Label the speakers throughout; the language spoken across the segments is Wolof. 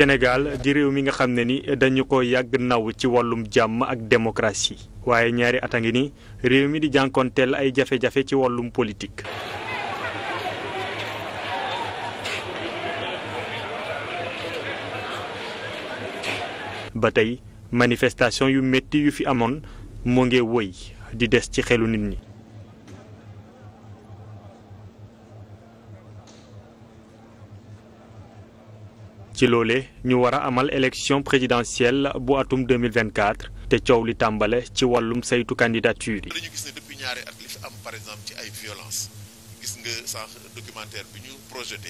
Speaker 1: Sénégal di réew mi nga xam ne ni dañu ko yàgg naw ci wàllum jàmm ak démocratie waaye ñaari at a ngi ni réew mi di jànkonteel ay jafe-jafe ci wàllum politique. ba tey manifestation yu métti yu fi amoon moo ngi wëy di des ci xelu nit ñi. ci loole ñu war a amal élection présidentielle bu atum 2024 te coow li tàmbale ci wàllum saytu candidature yi. dañu gis ne
Speaker 2: depuis ñaari at li fi am par exemple ci ay violence gis nga sànq documentaire bi ñu projeté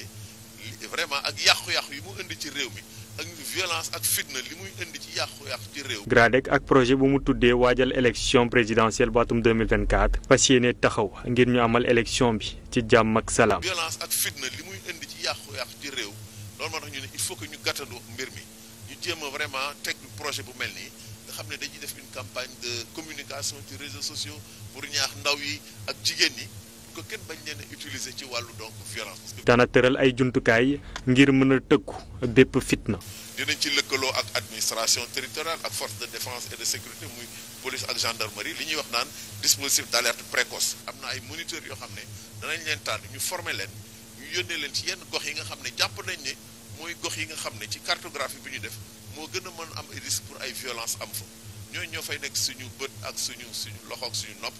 Speaker 2: vraiment ak yàqu-yàqu yi mu indi ci réew mi ak violence ak fitna li muy indi ci yàqu-yàqu ci
Speaker 1: réew. GRADEC ak projet bu mu tuddee waajal élection présidentielle bu atum 2024 fas yéene taxaw ngir ñu amal élection bi ci jàmm ak salaam. violence
Speaker 2: ak réew. loolu moo tax ñu ne il faut que ñu gàttandu mbir mi ñu jéem a vraiment teg projet bu mel nii nga xam ne dañuy def une campagne de communication ci réseaux sociaux pour ñaax ndaw yi ak jigéen ñi pour que kenn bañ leen utiliser ci wàllu donc violence.
Speaker 1: dana tëral ay jumtukaay ngir mën a tëkku bépp fitna.
Speaker 2: dinañ ci lëkkaloo ak administration territoriale ak force de defence et de sécurité muy police ak gendarmerie li ñuy wax naan dispositif d' alerte précoce am na ay moniteurs yoo xam ne danañ leen ñu former leen. ñu yónnee leen ci yenn gox yi nga xam ne jàpp nañ ne mooy gox yi nga xam ne ci cartographie bu ñu def moo gën a mën am ay risque pour ay violence am fa ñooñu ñoo fay nekk suñu bët ak suñu suñu loxo ak suñu nopp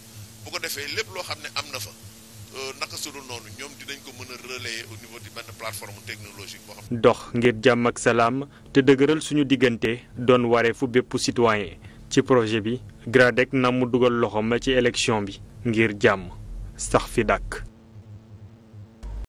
Speaker 2: bu ko defee lépp loo xam ne am na fa euh, naka su dul noonu ñoom dinañ ko mën a relayer au niveau di benn plateforme technologique
Speaker 1: dox ngir jàmm ak salaam te dëgëral suñu diggante doon wareefu bépp citoyen ci projet bi GRADEC na mu dugal loxoom ci élection bi ngir jàmm sax fi dàkk.